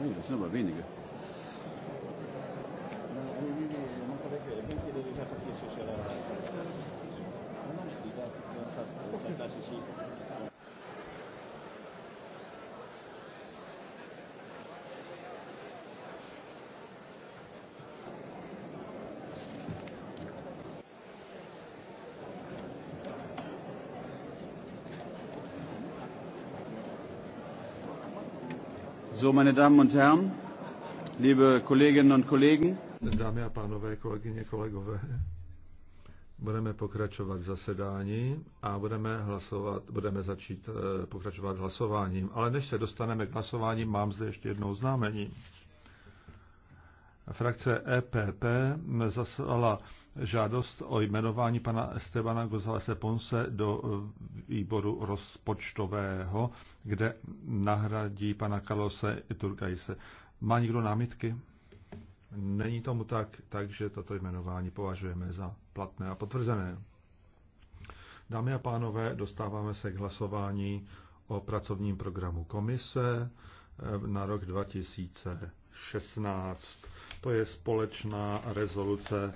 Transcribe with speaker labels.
Speaker 1: Ja, das sind aber wenige.
Speaker 2: So, meine Damen und Herren,
Speaker 3: liebe Kolleginnen und Kollegen. Dámy a pánové, kolegyně, kolegové, budeme pokračovat v zasedání a budeme hlasovat, budeme začít eh, pokračovat hlasováním. Ale než se dostaneme k hlasování, mám zde ještě jedno oznámení. Frakce EPP zaslala žádost o jmenování pana Estebana Gozalese Ponce do eh, výboru rozpočtového, kde nahradí pana i Turgajse. Má někdo námitky? Není tomu tak, takže toto jmenování považujeme za platné a potvrzené. Dámy a pánové, dostáváme se k hlasování o pracovním programu komise. Eh, na rok 2016. To je společná rezoluce